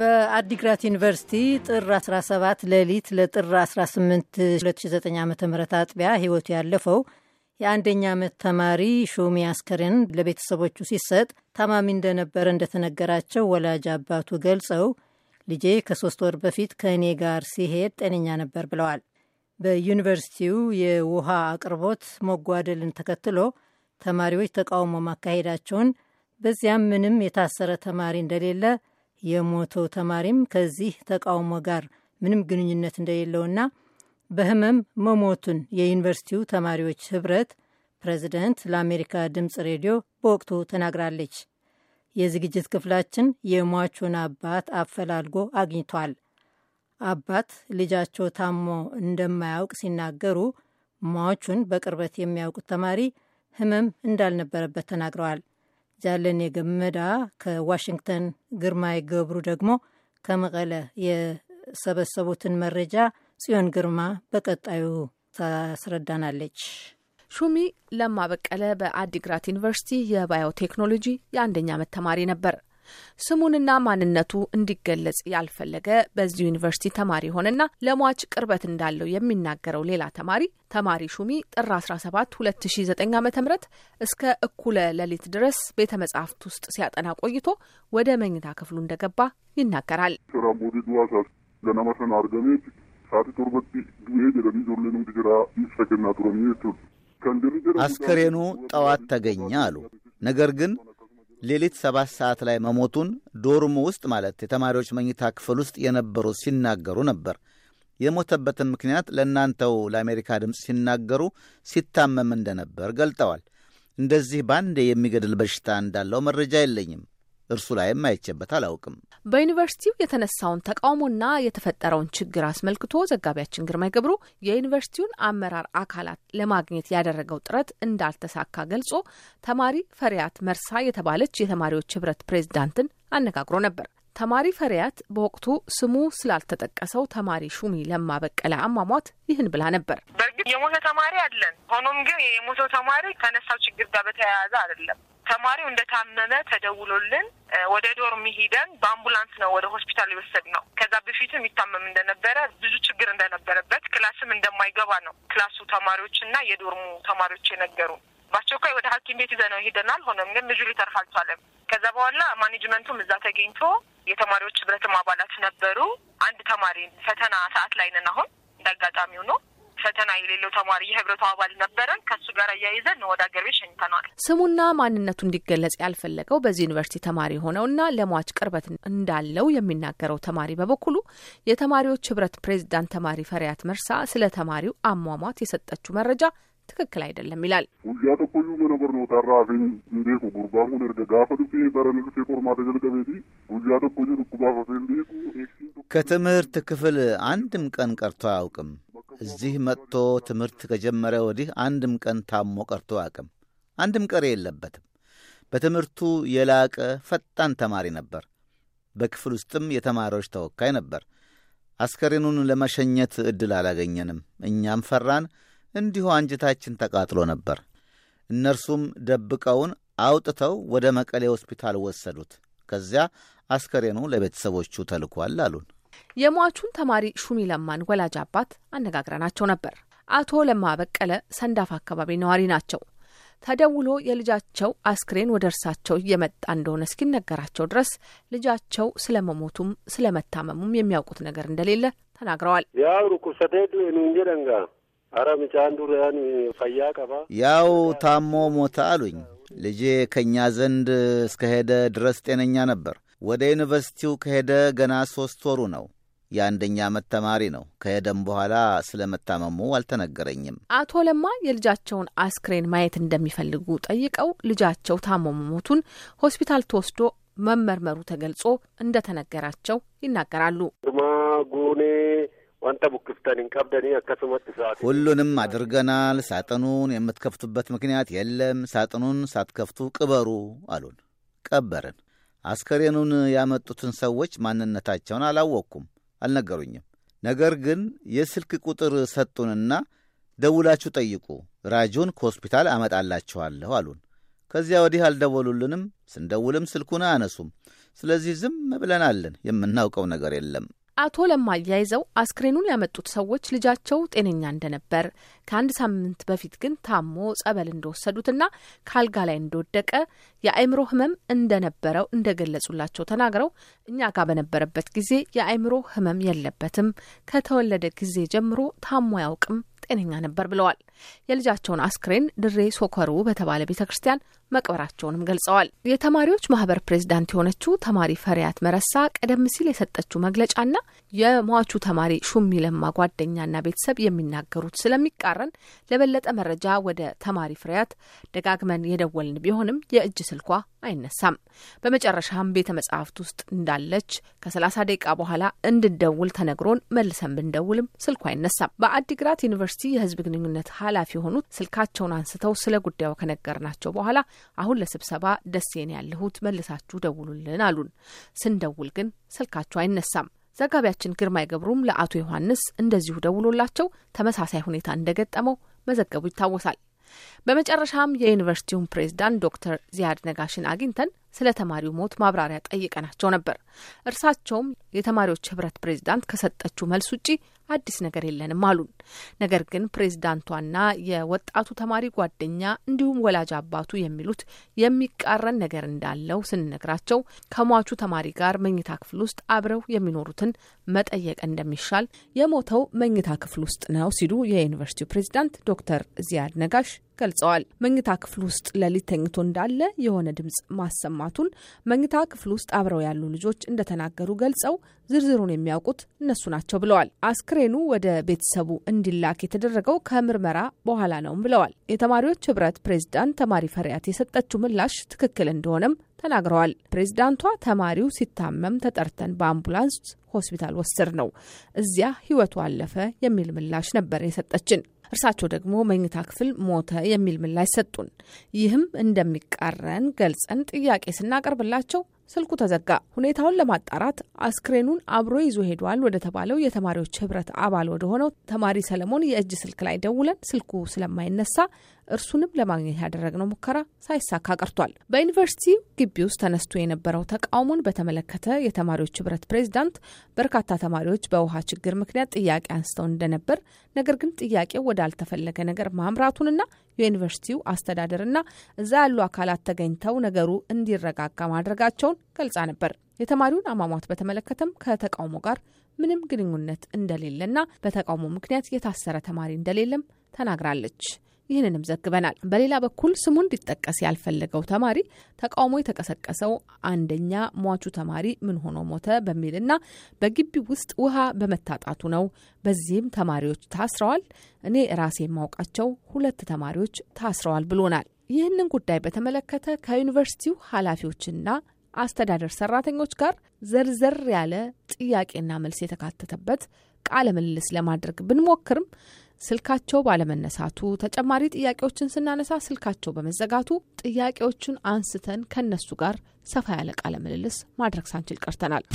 በአዲግራት ዩኒቨርሲቲ ጥር 17 ሌሊት ለጥር 18 2009 ዓ ም አጥቢያ ህይወቱ ያለፈው የአንደኛ ዓመት ተማሪ ሹሚ አስከሬን ለቤተሰቦቹ ሲሰጥ ታማሚ እንደነበረ እንደተነገራቸው ወላጅ አባቱ ገልጸው ልጄ ከሶስት ወር በፊት ከእኔ ጋር ሲሄድ ጤነኛ ነበር ብለዋል። በዩኒቨርሲቲው የውሃ አቅርቦት መጓደልን ተከትሎ ተማሪዎች ተቃውሞ ማካሄዳቸውን፣ በዚያም ምንም የታሰረ ተማሪ እንደሌለ፣ የሞተው ተማሪም ከዚህ ተቃውሞ ጋር ምንም ግንኙነት እንደሌለውና በህመም መሞቱን የዩኒቨርሲቲው ተማሪዎች ህብረት ፕሬዚደንት ለአሜሪካ ድምፅ ሬዲዮ በወቅቱ ተናግራለች። የዝግጅት ክፍላችን የሟቹን አባት አፈላልጎ አግኝቷል። አባት ልጃቸው ታሞ እንደማያውቅ ሲናገሩ ሟቹን በቅርበት የሚያውቁት ተማሪ ህመም እንዳልነበረበት ተናግረዋል። ጃለኔ ገመዳ ከዋሽንግተን፣ ግርማይ ገብሩ ደግሞ ከመቀለ የሰበሰቡትን መረጃ ጽዮን ግርማ በቀጣዩ ታስረዳናለች። ሹሚ ለማ በቀለ በአዲግራት ዩኒቨርሲቲ የባዮቴክኖሎጂ የአንደኛ ዓመት ተማሪ ነበር። ስሙንና ማንነቱ እንዲገለጽ ያልፈለገ በዚህ ዩኒቨርሲቲ ተማሪ ሆነና ለሟች ቅርበት እንዳለው የሚናገረው ሌላ ተማሪ ተማሪ ሹሚ ጥር 17 2009 ዓ ም እስከ እኩለ ሌሊት ድረስ ቤተ መጻሕፍት ውስጥ ሲያጠና ቆይቶ ወደ መኝታ ክፍሉ እንደገባ ይናገራል። አስከሬኑ ጠዋት ተገኘ አሉ። ነገር ግን ሌሊት ሰባት ሰዓት ላይ መሞቱን ዶርሙ ውስጥ ማለት የተማሪዎች መኝታ ክፍል ውስጥ የነበሩ ሲናገሩ ነበር። የሞተበትን ምክንያት ለእናንተው ለአሜሪካ ድምፅ ሲናገሩ ሲታመም እንደነበር ገልጠዋል። እንደዚህ በአንዴ የሚገድል በሽታ እንዳለው መረጃ የለኝም። እርሱ ላይም አይቼበት አላውቅም። በዩኒቨርሲቲው የተነሳውን ተቃውሞና የተፈጠረውን ችግር አስመልክቶ ዘጋቢያችን ግርማይ ገብሩ የዩኒቨርሲቲውን አመራር አካላት ለማግኘት ያደረገው ጥረት እንዳልተሳካ ገልጾ ተማሪ ፈሪያት መርሳ የተባለች የተማሪዎች ህብረት ፕሬዚዳንትን አነጋግሮ ነበር። ተማሪ ፈሪያት በወቅቱ ስሙ ስላልተጠቀሰው ተማሪ ሹሚ ለማ በቀለ አሟሟት ይህን ብላ ነበር። በእርግጥ የሞተ ተማሪ አለን። ሆኖም ግን የሞተው ተማሪ ከነሳው ችግር ጋር በተያያዘ አይደለም። ተማሪው እንደታመመ ተደውሎልን ወደ ዶርም ሄደን በአምቡላንስ ነው ወደ ሆስፒታል የወሰድ ነው። ከዛ በፊትም ይታመም እንደነበረ ብዙ ችግር እንደነበረበት ክላስም እንደማይገባ ነው ክላሱ ተማሪዎች እና የዶርሙ ተማሪዎች የነገሩ። በአስቸኳይ ወደ ሐኪም ቤት ይዘነው ሄደናል። ሆኖም ግን ልጁ ሊተርፍ አልቻለም። ከዛ በኋላ ማኔጅመንቱም እዛ ተገኝቶ የተማሪዎች ህብረትም አባላት ነበሩ። አንድ ተማሪ ፈተና ሰዓት ላይ ነን አሁን እንዳጋጣሚው ነው ፈተና የሌለው ተማሪ የህብረቱ አባል ነበረን። ከሱ ጋር እያይዘን ወደ ሀገር ቤት ሸኝተነዋል። ስሙና ማንነቱ እንዲገለጽ ያልፈለገው በዚህ ዩኒቨርሲቲ ተማሪ የሆነውና ለሟች ቅርበት እንዳለው የሚናገረው ተማሪ በበኩሉ የተማሪዎች ህብረት ፕሬዚዳንት ተማሪ ፈሪያት መርሳ ስለ ተማሪው አሟሟት የሰጠችው መረጃ ትክክል አይደለም ይላል። ተኮዩ መነበር ነው ጠራፊን እንዴቁ ጉርባሙ ቆርማ ተገልቀቤቲ ተኮዩ እንዴቁ ከትምህርት ክፍል አንድም ቀን ቀርቶ አያውቅም። እዚህ መጥቶ ትምህርት ከጀመረ ወዲህ አንድም ቀን ታሞ ቀርቶ አቅም አንድም ቀሬ የለበትም። በትምህርቱ የላቀ ፈጣን ተማሪ ነበር። በክፍል ውስጥም የተማሪዎች ተወካይ ነበር። አስከሬኑን ለመሸኘት ዕድል አላገኘንም። እኛም ፈራን፣ እንዲሁ አንጀታችን ተቃጥሎ ነበር። እነርሱም ደብቀውን አውጥተው ወደ መቀሌ ሆስፒታል ወሰዱት። ከዚያ አስከሬኑ ለቤተሰቦቹ ተልኳል አሉን። የሟቹን ተማሪ ሹሚ ለማን ወላጅ አባት አነጋግረናቸው ነበር። አቶ ለማ በቀለ ሰንዳፋ አካባቢ ነዋሪ ናቸው። ተደውሎ የልጃቸው አስክሬን ወደ እርሳቸው እየመጣ እንደሆነ እስኪነገራቸው ድረስ ልጃቸው ስለመሞቱም ስለመታመሙም የሚያውቁት ነገር እንደሌለ ተናግረዋል። ያው ታሞ ሞተ አሉኝ። ልጄ ከእኛ ዘንድ እስከሄደ ድረስ ጤነኛ ነበር። ወደ ዩኒቨርሲቲው ከሄደ ገና ሦስት ወሩ ነው። የአንደኛ ዓመት ተማሪ ነው። ከሄደም በኋላ ስለ መታመሙ አልተነገረኝም። አቶ ለማ የልጃቸውን አስክሬን ማየት እንደሚፈልጉ ጠይቀው ልጃቸው ታሞ መሞቱን ሆስፒታል ተወስዶ መመርመሩ ተገልጾ እንደተነገራቸው ይናገራሉ። ጉኔ ቡክፍተን ሁሉንም አድርገናል። ሳጥኑን የምትከፍቱበት ምክንያት የለም። ሳጥኑን ሳትከፍቱ ቅበሩ አሉን። ቀበርን። አስከሬኑን ያመጡትን ሰዎች ማንነታቸውን አላወቅኩም፣ አልነገሩኝም። ነገር ግን የስልክ ቁጥር ሰጡንና ደውላችሁ ጠይቁ፣ ራጁን ከሆስፒታል አመጣላችኋለሁ አሉን። ከዚያ ወዲህ አልደወሉልንም፣ ስንደውልም ስልኩን አያነሱም። ስለዚህ ዝም ብለናለን፣ የምናውቀው ነገር የለም። አቶ ለማ አያይዘው አስክሬኑን ያመጡት ሰዎች ልጃቸው ጤነኛ እንደነበር ከአንድ ሳምንት በፊት ግን ታሞ ጸበል እንደወሰዱትና ከአልጋ ላይ እንደወደቀ የአእምሮ ህመም እንደነበረው እንደገለጹላቸው ተናግረው እኛ ጋር በነበረበት ጊዜ የአእምሮ ህመም የለበትም፣ ከተወለደ ጊዜ ጀምሮ ታሞ ያውቅም፣ ጤነኛ ነበር ብለዋል። የልጃቸውን አስክሬን ድሬ ሶከሩ በተባለ ቤተ ክርስቲያን መቅበራቸውንም ገልጸዋል። የተማሪዎች ማህበር ፕሬዚዳንት የሆነችው ተማሪ ፈሪያት መረሳ ቀደም ሲል የሰጠችው መግለጫና የሟቹ ተማሪ ሹሚ ለማ ጓደኛና ቤተሰብ የሚናገሩት ስለሚቃረን ለበለጠ መረጃ ወደ ተማሪ ፍሬያት ደጋግመን የደወልን ቢሆንም የእጅ ስልኳ አይነሳም። በመጨረሻም ቤተ መጽሐፍት ውስጥ እንዳለች ከሰላሳ ደቂቃ በኋላ እንድንደውል ተነግሮን መልሰን ብንደውልም ስልኳ አይነሳም። በአዲግራት ዩኒቨርሲቲ የህዝብ ግንኙነት ኃላፊ የሆኑት ስልካቸውን አንስተው ስለ ጉዳዩ ከነገርናቸው በኋላ አሁን ለስብሰባ ደሴን ያለሁት መልሳችሁ ደውሉልን አሉን። ስንደውል ግን ስልካቸው አይነሳም። ዘጋቢያችን ግርማይ ገብሩም ለአቶ ዮሐንስ እንደዚሁ ደውሎላቸው ተመሳሳይ ሁኔታ እንደገጠመው መዘገቡ ይታወሳል። በመጨረሻም የዩኒቨርሲቲውን ፕሬዝዳንት ዶክተር ዚያድ ነጋሽን አግኝተን ስለ ተማሪው ሞት ማብራሪያ ጠይቀናቸው ነበር። እርሳቸውም የተማሪዎች ህብረት ፕሬዚዳንት ከሰጠችው መልስ ውጪ አዲስ ነገር የለንም አሉን። ነገር ግን ፕሬዚዳንቷና የወጣቱ ተማሪ ጓደኛ እንዲሁም ወላጅ አባቱ የሚሉት የሚቃረን ነገር እንዳለው ስንነግራቸው ከሟቹ ተማሪ ጋር መኝታ ክፍል ውስጥ አብረው የሚኖሩትን መጠየቅ እንደሚሻል፣ የሞተው መኝታ ክፍል ውስጥ ነው ሲሉ የዩኒቨርሲቲው ፕሬዚዳንት ዶክተር ዚያድ ነጋሽ ገልጸዋል። መኝታ ክፍል ውስጥ ለሊት ተኝቶ እንዳለ የሆነ ድምፅ ማሰማቱን መኝታ ክፍል ውስጥ አብረው ያሉ ልጆች እንደተናገሩ ገልጸው ዝርዝሩን የሚያውቁት እነሱ ናቸው ብለዋል። አስክሬኑ ወደ ቤተሰቡ እንዲላክ የተደረገው ከምርመራ በኋላ ነውም ብለዋል። የተማሪዎች ህብረት ፕሬዝዳንት ተማሪ ፈሪያት የሰጠችው ምላሽ ትክክል እንደሆነም ተናግረዋል። ፕሬዝዳንቷ ተማሪው ሲታመም ተጠርተን በአምቡላንስ ሆስፒታል ወስር ነው፣ እዚያ ህይወቱ አለፈ የሚል ምላሽ ነበር የሰጠችን። እርሳቸው ደግሞ መኝታ ክፍል ሞተ የሚል ምላሽ ሰጡን። ይህም እንደሚቃረን ገልጸን ጥያቄ ስናቀርብላቸው ስልኩ ተዘጋ። ሁኔታውን ለማጣራት አስክሬኑን አብሮ ይዞ ሄዷል ወደ ተባለው የተማሪዎች ህብረት አባል ወደ ሆነው ተማሪ ሰለሞን የእጅ ስልክ ላይ ደውለን ስልኩ ስለማይነሳ እርሱንም ለማግኘት ያደረግነው ሙከራ ሳይሳካ ቀርቷል። በዩኒቨርሲቲ ግቢ ውስጥ ተነስቶ የነበረው ተቃውሞን በተመለከተ የተማሪዎች ህብረት ፕሬዚዳንት በርካታ ተማሪዎች በውሃ ችግር ምክንያት ጥያቄ አንስተው እንደነበር፣ ነገር ግን ጥያቄው ወዳልተፈለገ ነገር ማምራቱንና የዩኒቨርሲቲው አስተዳደርና እዛ ያሉ አካላት ተገኝተው ነገሩ እንዲረጋጋ ማድረጋቸውን ገልጻ ነበር። የተማሪውን አሟሟት በተመለከተም ከተቃውሞ ጋር ምንም ግንኙነት እንደሌለና በተቃውሞ ምክንያት የታሰረ ተማሪ እንደሌለም ተናግራለች። ይህንንም ዘግበናል። በሌላ በኩል ስሙ እንዲጠቀስ ያልፈለገው ተማሪ ተቃውሞ የተቀሰቀሰው አንደኛ ሟቹ ተማሪ ምን ሆኖ ሞተ በሚልና በግቢ ውስጥ ውሃ በመታጣቱ ነው። በዚህም ተማሪዎች ታስረዋል። እኔ ራሴ የማውቃቸው ሁለት ተማሪዎች ታስረዋል ብሎናል። ይህንን ጉዳይ በተመለከተ ከዩኒቨርሲቲው ኃላፊዎችና አስተዳደር ሰራተኞች ጋር ዘርዘር ያለ ጥያቄና መልስ የተካተተበት ቃለ ምልልስ ለማድረግ ብንሞክርም ስልካቸው ባለመነሳቱ ተጨማሪ ጥያቄዎችን ስናነሳ ስልካቸው በመዘጋቱ ጥያቄዎቹን አንስተን ከነሱ ጋር ሰፋ ያለ ቃለ ምልልስ ማድረግ ሳንችል ቀርተናል።